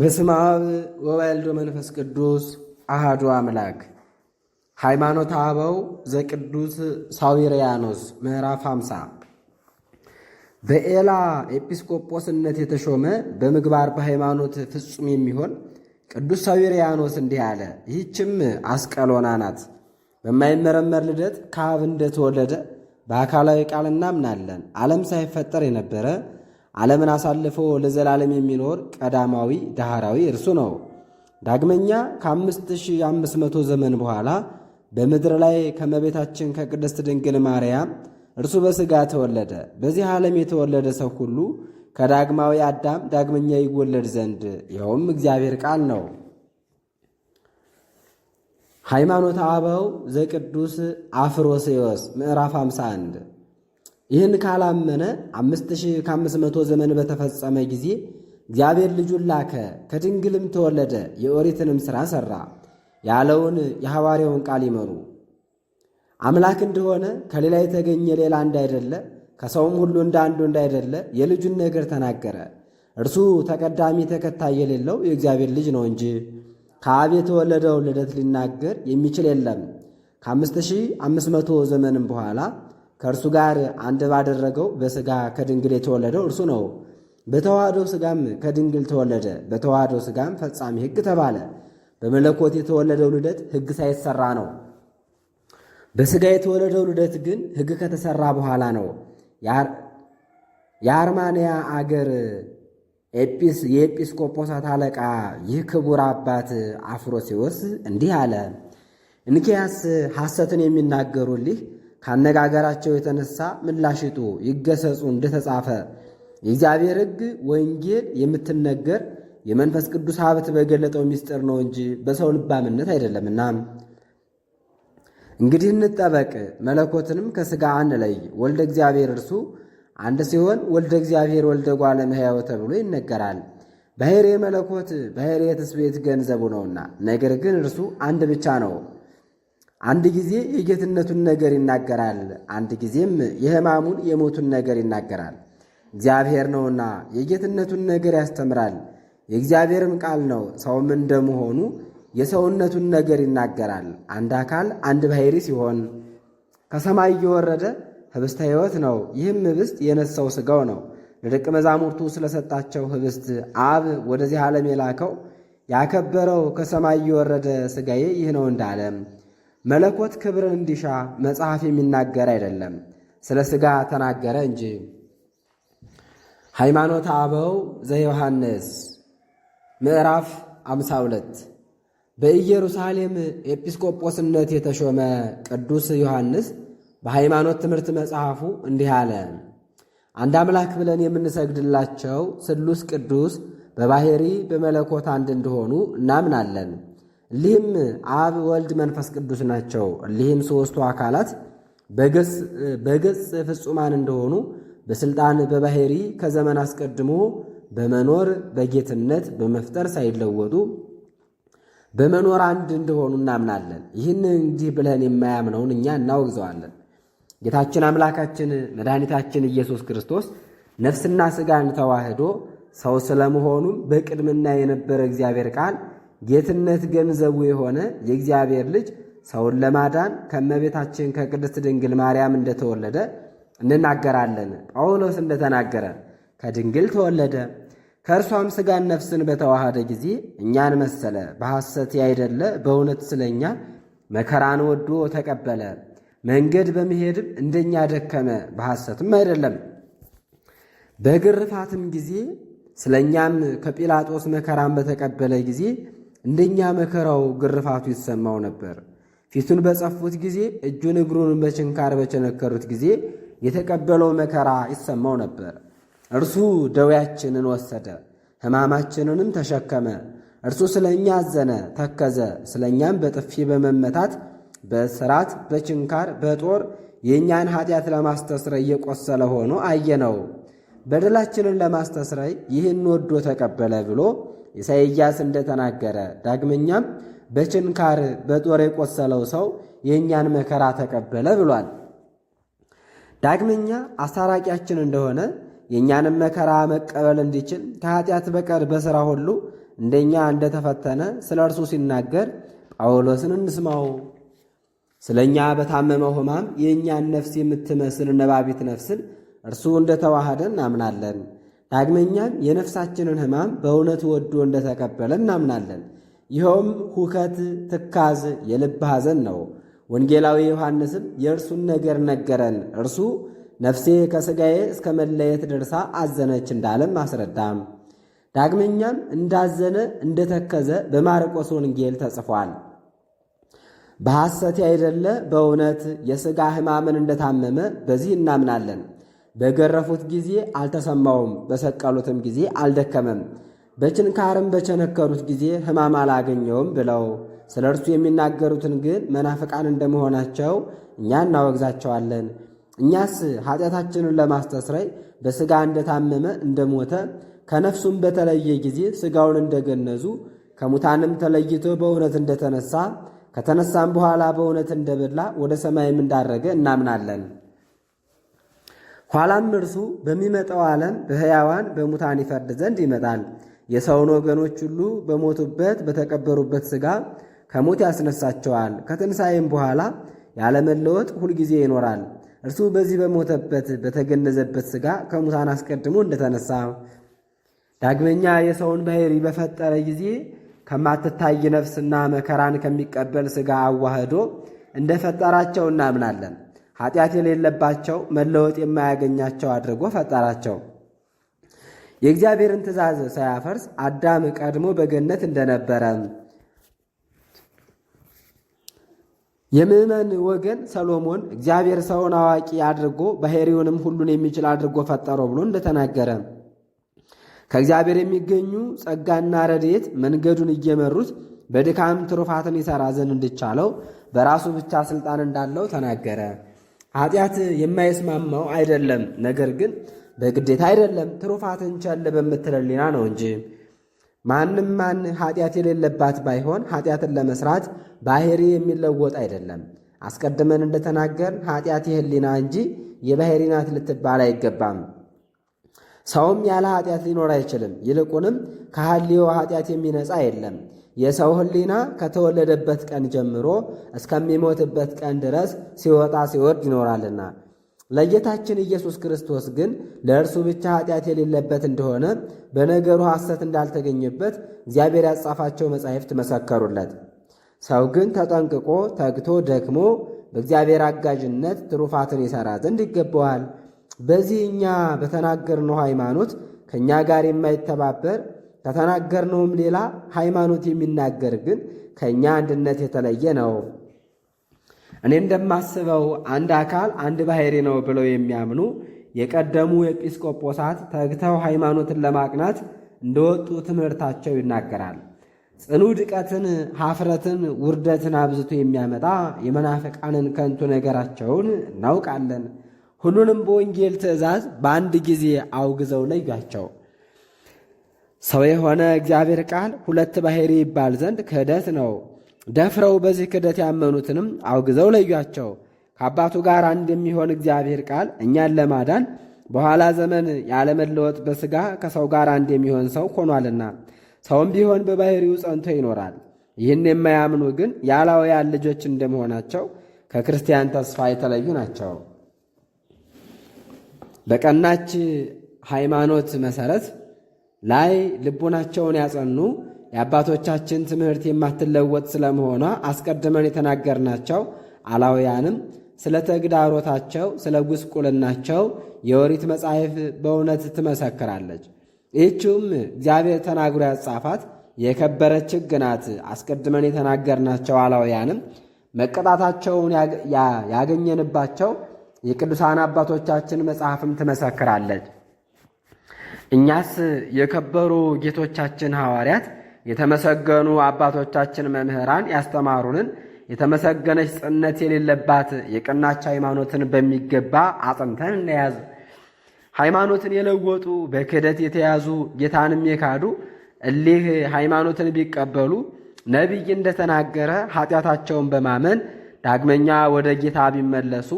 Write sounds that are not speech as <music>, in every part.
በስመ አብ ወወልድ ወመንፈስ ቅዱስ አሃዱ አምላክ። ሃይማኖተ አበው ዘቅዱስ ሳዊሪያኖስ ምዕራፍ 50 በኤላ ኤጲስቆጶስነት የተሾመ በምግባር በሃይማኖት ፍጹም የሚሆን ቅዱስ ሳዊሪያኖስ እንዲህ አለ። ይህችም አስቀሎና ናት። በማይመረመር ልደት ከአብ እንደተወለደ በአካላዊ ቃል እናምናለን። ዓለም ሳይፈጠር የነበረ ዓለምን አሳልፎ ለዘላለም የሚኖር ቀዳማዊ ዳህራዊ እርሱ ነው። ዳግመኛ ከ5500 ዘመን በኋላ በምድር ላይ ከመቤታችን ከቅድስት ድንግል ማርያም እርሱ በሥጋ ተወለደ። በዚህ ዓለም የተወለደ ሰው ሁሉ ከዳግማዊ አዳም ዳግመኛ ይወለድ ዘንድ ይኸውም እግዚአብሔር ቃል ነው። ሃይማኖት አበው ዘቅዱስ አፍሮስዮስ ምዕራፍ 51 ይህን ካላመነ አምስት ሺህ ከአምስት መቶ ዘመን በተፈጸመ ጊዜ እግዚአብሔር ልጁን ላከ፣ ከድንግልም ተወለደ፣ የኦሪትንም ሥራ ሠራ ያለውን የሐዋርያውን ቃል ይመሩ። አምላክ እንደሆነ ከሌላ የተገኘ ሌላ እንዳይደለ፣ ከሰውም ሁሉ እንደ አንዱ እንዳይደለ የልጁን ነገር ተናገረ። እርሱ ተቀዳሚ ተከታይ የሌለው የእግዚአብሔር ልጅ ነው እንጂ ከአብ የተወለደውን ልደት ሊናገር የሚችል የለም። ከአምስት ሺህ አምስት መቶ ዘመንም በኋላ ከእርሱ ጋር አንድ ባደረገው በሥጋ ከድንግል የተወለደው እርሱ ነው። በተዋህዶ ሥጋም ከድንግል ተወለደ። በተዋህዶ ሥጋም ፈጻሚ ሕግ ተባለ። በመለኮት የተወለደው ልደት ሕግ ሳይሰራ ነው። በሥጋ የተወለደው ልደት ግን ሕግ ከተሰራ በኋላ ነው። የአርማንያ አገር የኤጲስቆጶሳት አለቃ ይህ ክቡር አባት አፍሮሴዎስ እንዲህ አለ። እንኪያስ ሐሰትን የሚናገሩልህ ካነጋገራቸው የተነሳ ምላሽጡ ይገሰጹ እንደተጻፈ የእግዚአብሔር ሕግ ወንጌል የምትነገር የመንፈስ ቅዱስ ሀብት በገለጠው ምስጢር ነው እንጂ በሰው ልባምነት አይደለምና። እንግዲህ እንጠበቅ፣ መለኮትንም ከሥጋ አንለይ። ወልደ እግዚአብሔር እርሱ አንድ ሲሆን ወልደ እግዚአብሔር ወልደ እጓለ እመሕያው ተብሎ ይነገራል። ባሕርየ መለኮት ባሕርየ ትስብእት ገንዘቡ ነውና፣ ነገር ግን እርሱ አንድ ብቻ ነው። አንድ ጊዜ የጌትነቱን ነገር ይናገራል፣ አንድ ጊዜም የሕማሙን የሞቱን ነገር ይናገራል። እግዚአብሔር ነውና የጌትነቱን ነገር ያስተምራል፣ የእግዚአብሔርም ቃል ነው። ሰውም እንደመሆኑ የሰውነቱን ነገር ይናገራል። አንድ አካል አንድ ባሕርይ ሲሆን ከሰማይ እየወረደ ህብስተ ሕይወት ነው። ይህም ህብስት የነሳው ሥጋው ነው። ለደቀ መዛሙርቱ ስለሰጣቸው ህብስት አብ ወደዚህ ዓለም የላከው ያከበረው ከሰማይ እየወረደ ሥጋዬ ይህ ነው እንዳለም መለኮት ክብርን እንዲሻ መጽሐፍ የሚናገር አይደለም፣ ስለ ሥጋ ተናገረ እንጂ። ሃይማኖተ አበው ዘዮሐንስ ምዕራፍ 52 በኢየሩሳሌም ኤጲስቆጶስነት የተሾመ ቅዱስ ዮሐንስ በሃይማኖት ትምህርት መጽሐፉ እንዲህ አለ። አንድ አምላክ ብለን የምንሰግድላቸው ስሉስ ቅዱስ በባሕሪ በመለኮት አንድ እንደሆኑ እናምናለን። እሊህም አብ፣ ወልድ፣ መንፈስ ቅዱስ ናቸው። ሊህም ሦስቱ አካላት በገጽ ፍጹማን እንደሆኑ በሥልጣን በባሕሪ ከዘመን አስቀድሞ በመኖር በጌትነት በመፍጠር ሳይለወጡ በመኖር አንድ እንደሆኑ እናምናለን። ይህን እንዲህ ብለን የማያምነውን እኛ እናወግዘዋለን። ጌታችን አምላካችን መድኃኒታችን ኢየሱስ ክርስቶስ ነፍስና ሥጋን ተዋህዶ ሰው ስለመሆኑም በቅድምና የነበረ እግዚአብሔር ቃል ጌትነት ገንዘቡ የሆነ የእግዚአብሔር ልጅ ሰውን ለማዳን ከእመቤታችን ከቅድስት ድንግል ማርያም እንደተወለደ እንናገራለን። ጳውሎስ እንደተናገረ ከድንግል ተወለደ፣ ከእርሷም ሥጋን ነፍስን በተዋሃደ ጊዜ እኛን መሰለ፣ በሐሰት ያይደለ በእውነት ስለ እኛ መከራን ወዶ ተቀበለ፣ መንገድ በመሄድም እንደኛ ደከመ፣ በሐሰትም አይደለም። በግርፋትም ጊዜ ስለ እኛም ከጲላጦስ መከራን በተቀበለ ጊዜ እንደኛ መከራው ግርፋቱ ይሰማው ነበር። ፊቱን በጸፉት ጊዜ፣ እጁን እግሩን በችንካር በቸነከሩት ጊዜ የተቀበለው መከራ ይሰማው ነበር። እርሱ ደዌያችንን ወሰደ፣ ሕማማችንንም ተሸከመ። እርሱ ስለ እኛ አዘነ፣ ተከዘ። ስለ እኛም በጥፊ በመመታት በስራት በችንካር በጦር የእኛን ኃጢአት ለማስተስረ እየቆሰለ ሆኖ አየነው። በደላችንን ለማስተስረይ ይህን ወዶ ተቀበለ ብሎ ኢሳይያስ እንደተናገረ፣ ዳግመኛም በችንካር በጦር የቆሰለው ሰው የእኛን መከራ ተቀበለ ብሏል። ዳግመኛ አስታራቂያችን እንደሆነ የእኛንም መከራ መቀበል እንዲችል ከኃጢአት በቀር በሥራ ሁሉ እንደኛ እንደተፈተነ ስለ እርሱ ሲናገር ጳውሎስን እንስማው። ስለ እኛ በታመመው ሕማም የእኛን ነፍስ የምትመስል ነባቢት ነፍስን እርሱ እንደ ተዋሃደ እናምናለን። ዳግመኛም የነፍሳችንን ሕማም በእውነት ወዶ እንደ ተቀበለ እናምናለን። ይኸውም ሁከት፣ ትካዝ፣ የልብ ሐዘን ነው። ወንጌላዊ ዮሐንስም የእርሱን ነገር ነገረን። እርሱ ነፍሴ ከሥጋዬ እስከ መለየት ደርሳ አዘነች እንዳለም አስረዳም። ዳግመኛም እንዳዘነ እንደተከዘ በማርቆስ ወንጌል ተጽፏል። በሐሰት አይደለ በእውነት የሥጋ ሕማምን እንደታመመ በዚህ እናምናለን። በገረፉት ጊዜ አልተሰማውም፣ በሰቀሉትም ጊዜ አልደከመም፣ በችንካርም በቸነከሩት ጊዜ ሕማም አላገኘውም ብለው ስለ እርሱ የሚናገሩትን ግን መናፍቃን እንደመሆናቸው እኛ እናወግዛቸዋለን። እኛስ ኃጢአታችንን ለማስተስረይ በሥጋ እንደታመመ እንደሞተ፣ ከነፍሱም በተለየ ጊዜ ሥጋውን እንደገነዙ፣ ከሙታንም ተለይቶ በእውነት እንደተነሳ፣ ከተነሳም በኋላ በእውነት እንደበላ፣ ወደ ሰማይም እንዳረገ እናምናለን። ኋላም እርሱ በሚመጣው ዓለም በሕያዋን በሙታን ይፈርድ ዘንድ ይመጣል። የሰውን ወገኖች ሁሉ በሞቱበት በተቀበሩበት ሥጋ ከሞት ያስነሳቸዋል። ከትንሣኤም በኋላ ያለመለወጥ ሁልጊዜ ይኖራል። እርሱ በዚህ በሞተበት በተገነዘበት ሥጋ ከሙታን አስቀድሞ እንደተነሳ ዳግመኛ የሰውን ባሕሪ በፈጠረ ጊዜ ከማትታይ ነፍስና መከራን ከሚቀበል ሥጋ አዋህዶ እንደፈጠራቸው እናምናለን። ኃጢአት የሌለባቸው መለወጥ የማያገኛቸው አድርጎ ፈጠራቸው። የእግዚአብሔርን ትእዛዝ ሳያፈርስ አዳም ቀድሞ በገነት እንደነበረ የምዕመን ወገን ሰሎሞን እግዚአብሔር ሰውን አዋቂ አድርጎ ባሕሪውንም ሁሉን የሚችል አድርጎ ፈጠረው ብሎ እንደተናገረ ከእግዚአብሔር የሚገኙ ጸጋና ረድኤት መንገዱን እየመሩት በድካም ትሩፋትን ይሠራ ዘንድ እንዲቻለው በራሱ ብቻ ሥልጣን እንዳለው ተናገረ። ኃጢአት የማይስማማው አይደለም። ነገር ግን በግዴታ አይደለም፣ ትሩፋትን ቸል በምትል ሕሊና ነው እንጂ። ማንም ማን ኃጢአት የሌለባት ባይሆን ኃጢአትን ለመስራት ባህሪ የሚለወጥ አይደለም። አስቀድመን እንደተናገር ኃጢአት የሕሊና እንጂ የባህሪ ናት ልትባል አይገባም። ሰውም ያለ ኃጢአት ሊኖር አይችልም፣ ይልቁንም ከሐልዮ ኃጢአት የሚነጻ የለም። የሰው ሕሊና ከተወለደበት ቀን ጀምሮ እስከሚሞትበት ቀን ድረስ ሲወጣ ሲወርድ ይኖራልና ለጌታችን ኢየሱስ ክርስቶስ ግን ለእርሱ ብቻ ኃጢአት የሌለበት እንደሆነ በነገሩ ሐሰት እንዳልተገኘበት እግዚአብሔር ያጻፋቸው መጻሕፍት መሰከሩለት። ሰው ግን ተጠንቅቆ ተግቶ ደክሞ በእግዚአብሔር አጋዥነት ትሩፋትን ይሠራ ዘንድ ይገባዋል። በዚህ እኛ በተናገርነው ሃይማኖት ከእኛ ጋር የማይተባበር ከተናገርነውም ሌላ ሃይማኖት የሚናገር ግን ከእኛ አንድነት የተለየ ነው። እኔ እንደማስበው አንድ አካል አንድ ባሕሪ ነው ብለው የሚያምኑ የቀደሙ ኤጲስቆጶሳት ተግተው ሃይማኖትን ለማቅናት እንደወጡ ትምህርታቸው ይናገራል። ጽኑ ድቀትን፣ ሀፍረትን፣ ውርደትን አብዝቶ የሚያመጣ የመናፍቃንን ከንቱ ነገራቸውን እናውቃለን። ሁሉንም በወንጌል ትእዛዝ በአንድ ጊዜ አውግዘው ለያቸው። ሰው የሆነ እግዚአብሔር ቃል ሁለት ባሄሪ ይባል ዘንድ ክህደት ነው። ደፍረው በዚህ ክህደት ያመኑትንም አውግዘው ለዩአቸው። ከአባቱ ጋር አንድ የሚሆን እግዚአብሔር ቃል እኛን ለማዳን በኋላ ዘመን ያለመለወጥ በሥጋ ከሰው ጋር አንድ የሚሆን ሰው ሆኗልና ሰውም ቢሆን በባሕሪው ጸንቶ ይኖራል። ይህን የማያምኑ ግን የአላውያን ልጆች እንደመሆናቸው ከክርስቲያን ተስፋ የተለዩ ናቸው። በቀናች ሃይማኖት መሰረት ላይ ልቡናቸውን ያጸኑ የአባቶቻችን ትምህርት የማትለወጥ ስለመሆኗ አስቀድመን የተናገርናቸው አላውያንም ስለ ተግዳሮታቸው፣ ስለ ጉስቁልናቸው የወሪት መጽሐፍ በእውነት ትመሰክራለች። ይህችውም እግዚአብሔር ተናግሮ ያጻፋት የከበረች ሕግ ናት። አስቀድመን የተናገርናቸው አላውያንም መቀጣታቸውን ያገኘንባቸው የቅዱሳን አባቶቻችን መጽሐፍም ትመሰክራለች። እኛስ የከበሩ ጌቶቻችን ሐዋርያት የተመሰገኑ አባቶቻችን መምህራን ያስተማሩንን የተመሰገነች ጽነት የሌለባት የቀናች ሃይማኖትን በሚገባ አጽንተን እንያዝ። ሃይማኖትን የለወጡ በክህደት የተያዙ ጌታንም የካዱ እሊህ ሃይማኖትን ቢቀበሉ ነቢይ እንደተናገረ ኃጢአታቸውን በማመን ዳግመኛ ወደ ጌታ ቢመለሱ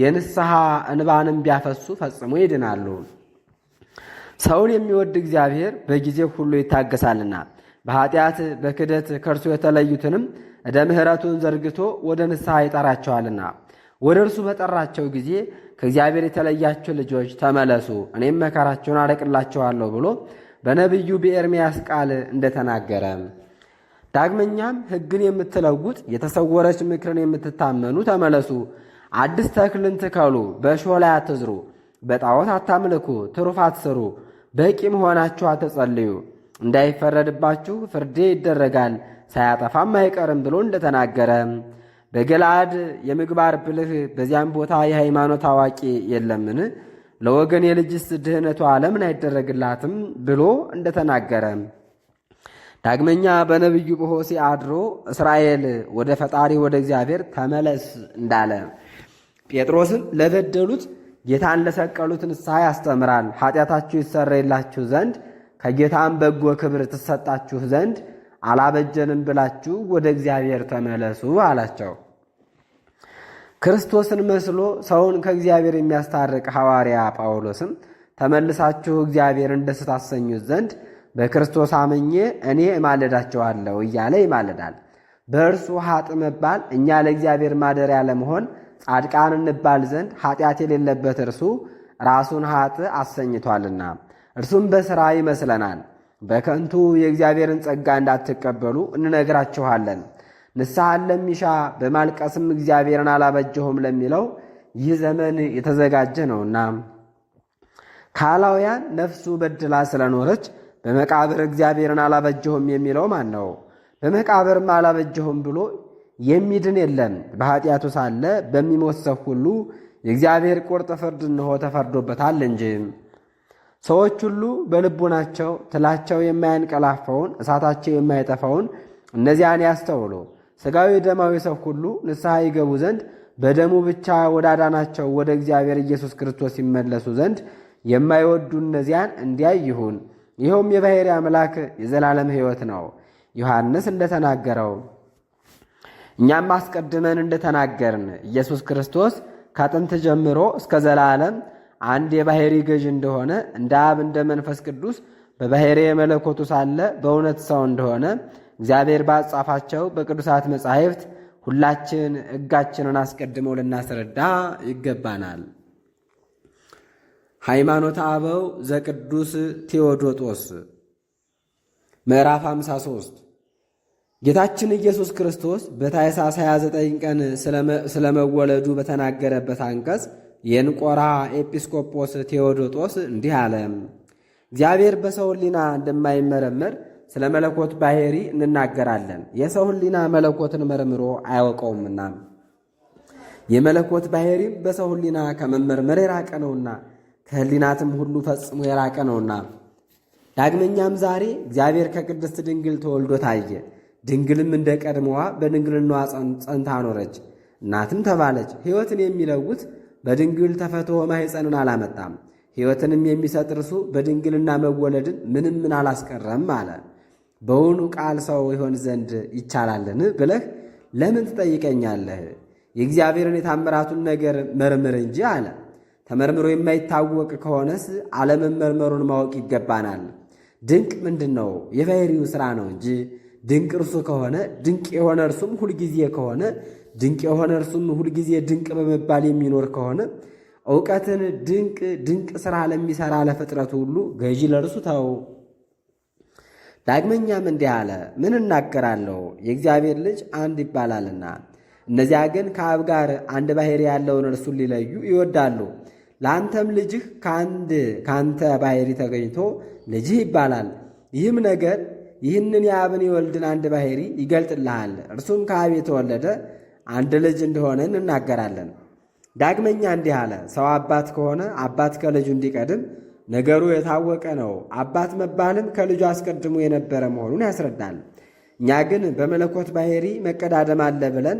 የንስሐ እንባንም ቢያፈሱ ፈጽሞ ይድናሉ። ሰውን የሚወድ እግዚአብሔር በጊዜ ሁሉ ይታገሳልና በኃጢአት በክደት ከእርሱ የተለዩትንም እደ ምሕረቱን ዘርግቶ ወደ ንስሐ ይጠራቸዋልና ወደ እርሱ በጠራቸው ጊዜ ከእግዚአብሔር የተለያቸው ልጆች ተመለሱ፣ እኔም መከራቸውን አረቅላቸዋለሁ ብሎ በነቢዩ በኤርምያስ ቃል እንደተናገረ ዳግመኛም ሕግን የምትለውጥ የተሰወረች ምክርን የምትታመኑ ተመለሱ አዲስ ተክልን ትከሉ፣ በእሾህ ላይ አትዝሩ፣ በጣዖት አታምልኩ፣ ትሩፍ አትሰሩ፣ በቂ መሆናችሁ አትጸልዩ፣ እንዳይፈረድባችሁ ፍርዴ ይደረጋል ሳያጠፋም አይቀርም ብሎ እንደተናገረ በገላአድ የምግባር ብልህ በዚያም ቦታ የሃይማኖት አዋቂ የለምን? ለወገን የልጅስ ድህነቷ ለምን አይደረግላትም ብሎ እንደተናገረ ዳግመኛ በነቢዩ በሆሴ አድሮ እስራኤል ወደ ፈጣሪ ወደ እግዚአብሔር ተመለስ እንዳለ ጴጥሮስም ለበደሉት ጌታን ለሰቀሉት ንስሐ ያስተምራል። ኃጢአታችሁ ይሰረይላችሁ ዘንድ ከጌታም በጎ ክብር ትሰጣችሁ ዘንድ አላበጀንም ብላችሁ ወደ እግዚአብሔር ተመለሱ አላቸው። ክርስቶስን መስሎ ሰውን ከእግዚአብሔር የሚያስታርቅ ሐዋርያ ጳውሎስም ተመልሳችሁ እግዚአብሔርን ደስ ታሰኙት ዘንድ በክርስቶስ አምኜ እኔ እማልዳቸዋለሁ እያለ ይማልዳል። በእርሱ ሀጥ መባል እኛ ለእግዚአብሔር ማደሪያ ለመሆን ጻድቃን እንባል ዘንድ ኃጢአት የሌለበት እርሱ ራሱን ሀጥ አሰኝቷልና እርሱም በሥራ ይመስለናል። በከንቱ የእግዚአብሔርን ጸጋ እንዳትቀበሉ እንነግራችኋለን። ንስሐን ለሚሻ በማልቀስም እግዚአብሔርን አላበጀሁም ለሚለው ይህ ዘመን የተዘጋጀ ነውና ካላውያን ነፍሱ በድላ ስለኖረች በመቃብር እግዚአብሔርን አላበጀሁም የሚለው ማን ነው? በመቃብርም አላበጀሁም ብሎ የሚድን የለም። በኃጢአቱ ሳለ በሚሞት ሰው ሁሉ የእግዚአብሔር ቁርጥ ፍርድ እንሆ ተፈርዶበታል እንጂ። ሰዎች ሁሉ በልቡናቸው ትላቸው የማያንቀላፈውን እሳታቸው የማይጠፋውን እነዚያን ያስተውሉ። ሥጋዊ ደማዊ ሰው ሁሉ ንስሐ ይገቡ ዘንድ በደሙ ብቻ ወዳዳናቸው ወደ እግዚአብሔር ኢየሱስ ክርስቶስ ይመለሱ ዘንድ የማይወዱ እነዚያን እንዲያይ ይሁን። ይኸውም የባሕርይ አምላክ የዘላለም ሕይወት ነው። ዮሐንስ እንደተናገረው እኛም አስቀድመን እንደተናገርን ኢየሱስ ክርስቶስ ከጥንት ጀምሮ እስከ ዘላለም አንድ የባሕሪ ገዥ እንደሆነ እንደ አብ እንደ መንፈስ ቅዱስ በባሕሪ የመለኮቱ ሳለ በእውነት ሰው እንደሆነ እግዚአብሔር ባጻፋቸው በቅዱሳት መጻሕፍት ሁላችን ሕጋችንን አስቀድመው ልናስረዳ ይገባናል። ሃይማኖተ አበው ዘቅዱስ ቴዎዶጦስ ምዕራፍ 53 ጌታችን ኢየሱስ ክርስቶስ በታኅሳስ 29 ቀን ስለመወለዱ በተናገረበት አንቀጽ የንቆራ ኤጲስቆጶስ ቴዎዶጦስ እንዲህ አለ። እግዚአብሔር በሰው ሕሊና እንደማይመረመር ስለ መለኮት ባሕሪ እንናገራለን። የሰው ሕሊና መለኮትን መርምሮ አያውቀውምና የመለኮት ባሕሪም በሰው ሕሊና ከመመርመር የራቀ ነውና ከሕሊናትም ሁሉ ፈጽሞ የራቀ ነውና። ዳግመኛም ዛሬ እግዚአብሔር ከቅድስት ድንግል ተወልዶ ታየ። ድንግልም እንደ ቀድሞዋ በድንግልናዋ ጸንታ ኖረች። እናትም ተባለች። ሕይወትን የሚለውት በድንግል ተፈትሖ ማኅፀንን አላመጣም። ሕይወትንም የሚሰጥ እርሱ በድንግልና መወለድን ምንም ምን አላስቀረም አለ። በውኑ ቃል ሰው ይሆን ዘንድ ይቻላልን ብለህ ለምን ትጠይቀኛለህ? የእግዚአብሔርን የታምራቱን ነገር መርምር እንጂ አለ። ተመርምሮ የማይታወቅ ከሆነስ አለመመርመሩን ማወቅ ይገባናል። ድንቅ ምንድን ነው? የባሕርዩ ሥራ ነው እንጂ ድንቅ እርሱ ከሆነ ድንቅ የሆነ እርሱም ሁልጊዜ ከሆነ ድንቅ የሆነ እርሱም ሁልጊዜ ድንቅ በመባል የሚኖር ከሆነ እውቀትን ድንቅ ድንቅ ስራ ለሚሰራ ለፍጥረቱ ሁሉ ገዢ ለእርሱ ተው። ዳግመኛም እንዲህ አለ፣ ምን እናገራለሁ? የእግዚአብሔር ልጅ አንድ ይባላልና። እነዚያ ግን ከአብ ጋር አንድ ባሕርይ ያለውን እርሱን ሊለዩ ይወዳሉ። ለአንተም ልጅህ ከአንድ ከአንተ ባሕርይ ተገኝቶ ልጅህ ይባላል። ይህም ነገር ይህንን የአብን የወልድን አንድ ባሕሪ ይገልጥልሃል። እርሱም ከአብ የተወለደ አንድ ልጅ እንደሆነ እንናገራለን። ዳግመኛ እንዲህ አለ፣ ሰው አባት ከሆነ አባት ከልጁ እንዲቀድም ነገሩ የታወቀ ነው። አባት መባልም ከልጁ አስቀድሞ የነበረ መሆኑን ያስረዳል። እኛ ግን በመለኮት ባሕሪ መቀዳደም አለ ብለን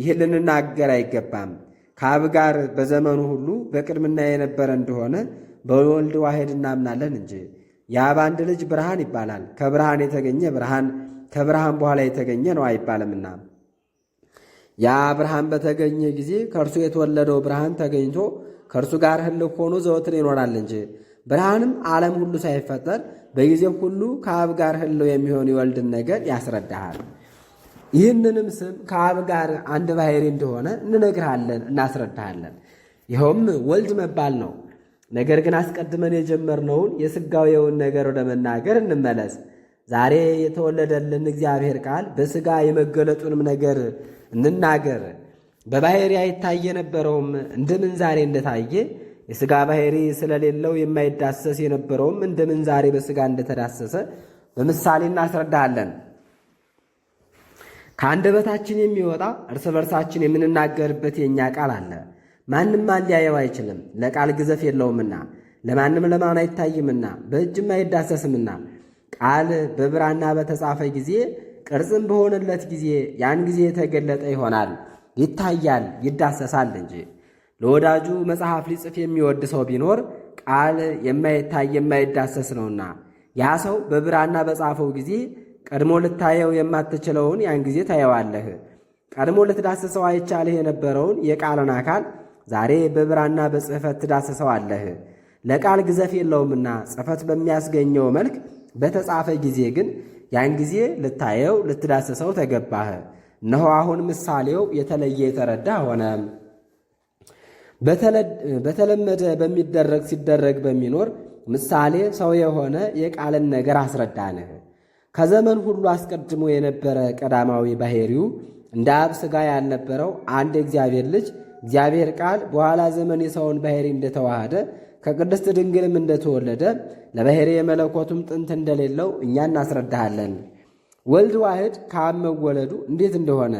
ይህ ልንናገር አይገባም። ከአብ ጋር በዘመኑ ሁሉ በቅድምና የነበረ እንደሆነ በወልድ ዋሄድ እናምናለን እንጂ የአብ አንድ ልጅ ብርሃን ይባላል። ከብርሃን የተገኘ ብርሃን ከብርሃን በኋላ የተገኘ ነው አይባልምና ያ ብርሃን በተገኘ ጊዜ ከእርሱ የተወለደው ብርሃን ተገኝቶ ከእርሱ ጋር ህልክ ሆኖ ዘወትር ይኖራል እንጂ ብርሃንም ዓለም ሁሉ ሳይፈጠር በጊዜው ሁሉ ከአብ ጋር ህልው የሚሆን የወልድን ነገር ያስረዳሃል። ይህንንም ስም ከአብ ጋር አንድ ባሕሪ እንደሆነ እንነግርሃለን፣ እናስረዳሃለን። ይኸውም ወልድ መባል ነው። ነገር ግን አስቀድመን የጀመርነውን የሥጋዌውን ነገር ወደ መናገር እንመለስ። ዛሬ የተወለደልን እግዚአብሔር ቃል በሥጋ የመገለጡንም ነገር እንናገር። በባሕሪ አይታይ የነበረውም እንደምን ዛሬ እንደታየ፣ የሥጋ ባሄሪ ስለሌለው የማይዳሰስ የነበረውም እንደምን ዛሬ በሥጋ እንደተዳሰሰ በምሳሌ እናስረዳለን። ከአንደበታችን የሚወጣ እርስ በርሳችን የምንናገርበት የእኛ ቃል አለ። ማንም ሊያየው አይችልም፣ ለቃል ግዘፍ የለውምና ለማንም ለማን አይታይምና በእጅም አይዳሰስምና ቃል በብራና በተጻፈ ጊዜ ቅርጽም በሆነለት ጊዜ ያን ጊዜ የተገለጠ ይሆናል፣ ይታያል፣ ይዳሰሳል እንጂ። ለወዳጁ መጽሐፍ ሊጽፍ የሚወድ ሰው ቢኖር ቃል የማይታይ የማይዳሰስ ነውና ያ ሰው በብራና በጻፈው ጊዜ ቀድሞ ልታየው የማትችለውን ያን ጊዜ ታየዋለህ። ቀድሞ ልትዳስሰው አይቻልህ የነበረውን የቃልን አካል ዛሬ በብራና በጽሕፈት ትዳስሰዋለህ። ለቃል ግዘፍ የለውምና ጽሕፈት በሚያስገኘው መልክ በተጻፈ ጊዜ ግን ያን ጊዜ ልታየው ልትዳስሰው ተገባህ። እነሆ አሁን ምሳሌው የተለየ የተረዳ ሆነ። በተለመደ በሚደረግ ሲደረግ በሚኖር ምሳሌ ሰው የሆነ የቃልን ነገር አስረዳንህ። ከዘመን ሁሉ አስቀድሞ የነበረ ቀዳማዊ ባሄሪው እንደ አብ ሥጋ ያልነበረው አንድ የእግዚአብሔር ልጅ እግዚአብሔር ቃል በኋላ ዘመን የሰውን ባሕሪ እንደተዋሃደ ከቅድስት ድንግልም እንደተወለደ ለባሕሪ የመለኮቱም ጥንት እንደሌለው እኛ እናስረዳሃለን። ወልድ ዋሕድ ከአብ መወለዱ እንዴት እንደሆነ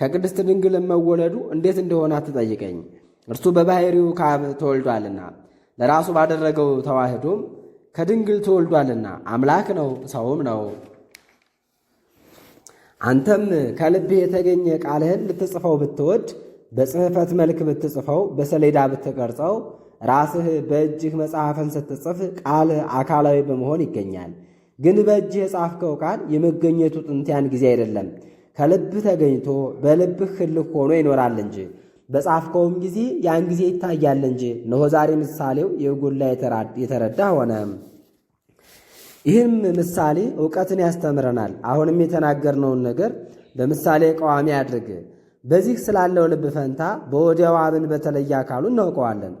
ከቅድስት ድንግልም መወለዱ እንዴት እንደሆነ አትጠይቀኝ። እርሱ በባሕሪው ከአብ ተወልዷልና ለራሱ ባደረገው ተዋህዶም ከድንግል ተወልዷልና አምላክ ነው ሰውም ነው። አንተም ከልብህ የተገኘ ቃልህን ልትጽፈው ብትወድ በጽሕፈት መልክ ብትጽፈው በሰሌዳ ብትቀርጸው ራስህ በእጅህ መጽሐፍን ስትጽፍ ቃል አካላዊ በመሆን ይገኛል። ግን በእጅህ የጻፍከው ቃል የመገኘቱ ጥንት ያን ጊዜ አይደለም፣ ከልብህ ተገኝቶ በልብህ ሕልህ ሆኖ ይኖራል እንጂ በጻፍከውም ጊዜ ያን ጊዜ ይታያል እንጂ። እነሆ ዛሬ ምሳሌው የጎላ የተረዳ ሆነ። ይህም ምሳሌ እውቀትን ያስተምረናል። አሁንም የተናገርነውን ነገር በምሳሌ ቀዋሚ አድርግ። በዚህ ስላለው ልብ ፈንታ በወዲያው አብን በተለየ አካሉ እናውቀዋለን።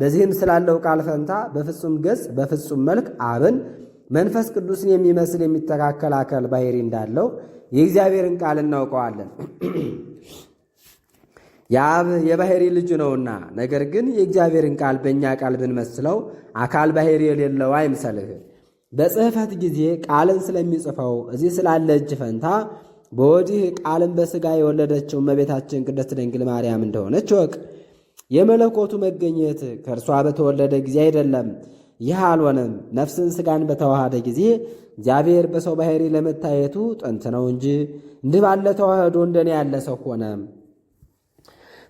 በዚህም ስላለው ቃል ፈንታ በፍጹም ገጽ በፍጹም መልክ አብን መንፈስ ቅዱስን የሚመስል የሚተካከል አካል ባሕሪ እንዳለው የእግዚአብሔርን ቃል እናውቀዋለን። <clears throat> የአብ የባሕሪ ልጁ ነውና፣ ነገር ግን የእግዚአብሔርን ቃል በእኛ ቃል ብንመስለው አካል ባሕሪ የሌለው አይምሰልህ። በጽሕፈት ጊዜ ቃልን ስለሚጽፈው እዚህ ስላለ እጅ ፈንታ በወዲህ ቃልም በሥጋ የወለደችው እመቤታችን ቅድስት ድንግል ማርያም እንደሆነች ወቅ የመለኮቱ መገኘት ከእርሷ በተወለደ ጊዜ አይደለም። ይህ አልሆነም። ነፍስን ሥጋን በተዋሃደ ጊዜ እግዚአብሔር በሰው ባሕሪ ለመታየቱ ጥንት ነው እንጂ እንዲህ ባለ ተዋህዶ እንደኔ ያለ ሰው ሆነ።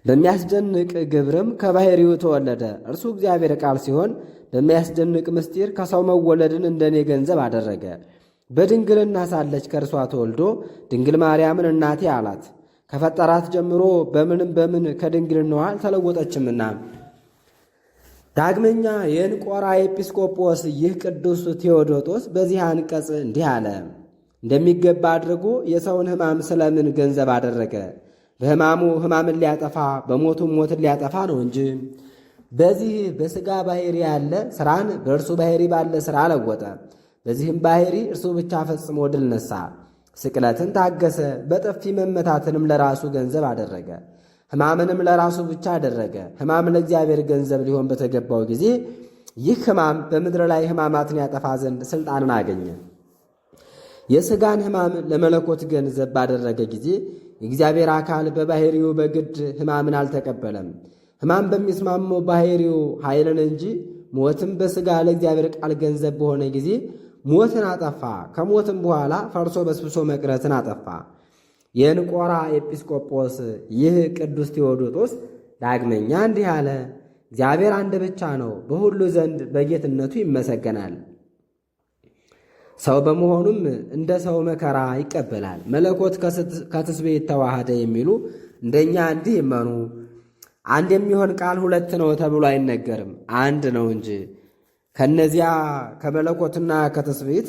በሚያስደንቅ ግብርም ከባሕሪው ተወለደ። እርሱ እግዚአብሔር ቃል ሲሆን በሚያስደንቅ ምስጢር ከሰው መወለድን እንደኔ ገንዘብ አደረገ። በድንግልና ሳለች ከእርሷ ተወልዶ ድንግል ማርያምን እናቴ አላት። ከፈጠራት ጀምሮ በምንም በምን ከድንግልናዋ አልተለወጠችምና። ዳግመኛ የእንቆራ ኤጲስቆጶስ ይህ ቅዱስ ቴዎዶጦስ በዚህ አንቀጽ እንዲህ አለ። እንደሚገባ አድርጎ የሰውን ሕማም ስለምን ገንዘብ አደረገ? በሕማሙ ሕማምን ሊያጠፋ በሞቱም ሞትን ሊያጠፋ ነው እንጂ። በዚህ በሥጋ ባሕሪ ያለ ሥራን በእርሱ ባሕሪ ባለ ሥራ ለወጠ። በዚህም ባህሪ እርሱ ብቻ ፈጽሞ ድል ነሳ። ስቅለትን ታገሰ። በጥፊ መመታትንም ለራሱ ገንዘብ አደረገ። ሕማምንም ለራሱ ብቻ አደረገ። ሕማም ለእግዚአብሔር ገንዘብ ሊሆን በተገባው ጊዜ ይህ ሕማም በምድር ላይ ሕማማትን ያጠፋ ዘንድ ሥልጣንን አገኘ። የሥጋን ሕማም ለመለኮት ገንዘብ ባደረገ ጊዜ የእግዚአብሔር አካል በባሕሪው በግድ ሕማምን አልተቀበለም። ሕማም በሚስማመው ባሕሪው ኃይልን እንጂ ሞትም በሥጋ ለእግዚአብሔር ቃል ገንዘብ በሆነ ጊዜ ሞትን አጠፋ። ከሞትም በኋላ ፈርሶ በስብሶ መቅረትን አጠፋ። የንቆራ ኤጲስቆጶስ ይህ ቅዱስ ቴዎዶጦስ ዳግመኛ እንዲህ አለ። እግዚአብሔር አንድ ብቻ ነው፣ በሁሉ ዘንድ በጌትነቱ ይመሰገናል። ሰው በመሆኑም እንደ ሰው መከራ ይቀበላል። መለኮት ከትስቤ ተዋህደ የሚሉ እንደኛ እንዲህ ይመኑ። አንድ የሚሆን ቃል ሁለት ነው ተብሎ አይነገርም፣ አንድ ነው እንጂ ከነዚያ ከመለኮትና ከትስብእት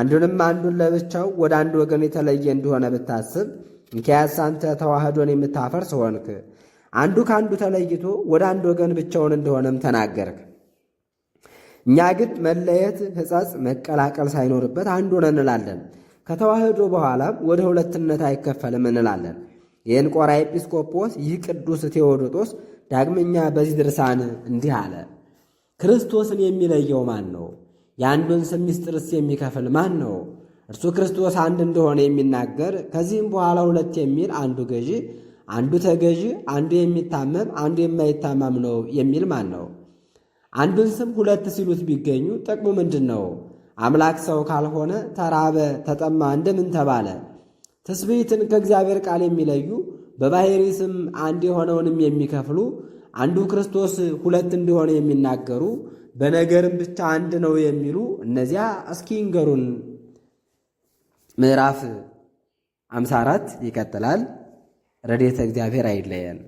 አንዱንም አንዱን ለብቻው ወደ አንድ ወገን የተለየ እንደሆነ ብታስብ እንኪያስ አንተ ተዋህዶን የምታፈርስ ሆንክ። አንዱ ከአንዱ ተለይቶ ወደ አንድ ወገን ብቻውን እንደሆነም ተናገርክ። እኛ ግን መለየት፣ ሕጸጽ፣ መቀላቀል ሳይኖርበት አንዱ ነን እንላለን። ከተዋህዶ በኋላም ወደ ሁለትነት አይከፈልም እንላለን። ይህን ቆራ ኤጲስቆጶስ ይህ ቅዱስ ቴዎዶጦስ ዳግመኛ በዚህ ድርሳን እንዲህ አለ። ክርስቶስን የሚለየው ማን ነው? የአንዱን ስም ምስጢርስ የሚከፍል ማን ነው? እርሱ ክርስቶስ አንድ እንደሆነ የሚናገር ከዚህም በኋላ ሁለት የሚል አንዱ ገዢ፣ አንዱ ተገዢ፣ አንዱ የሚታመም አንዱ የማይታመም ነው የሚል ማን ነው? አንዱን ስም ሁለት ሲሉት ቢገኙ ጥቅሙ ምንድን ነው? አምላክ ሰው ካልሆነ ተራበ፣ ተጠማ እንደምን ተባለ? ትስብእትን ከእግዚአብሔር ቃል የሚለዩ በባሄሪ ስም አንድ የሆነውንም የሚከፍሉ አንዱ ክርስቶስ ሁለት እንደሆነ የሚናገሩ በነገርም ብቻ አንድ ነው የሚሉ እነዚያ እስኪ ንገሩን። ምዕራፍ 54 ይቀጥላል። ረድኤተ እግዚአብሔር አይለየን።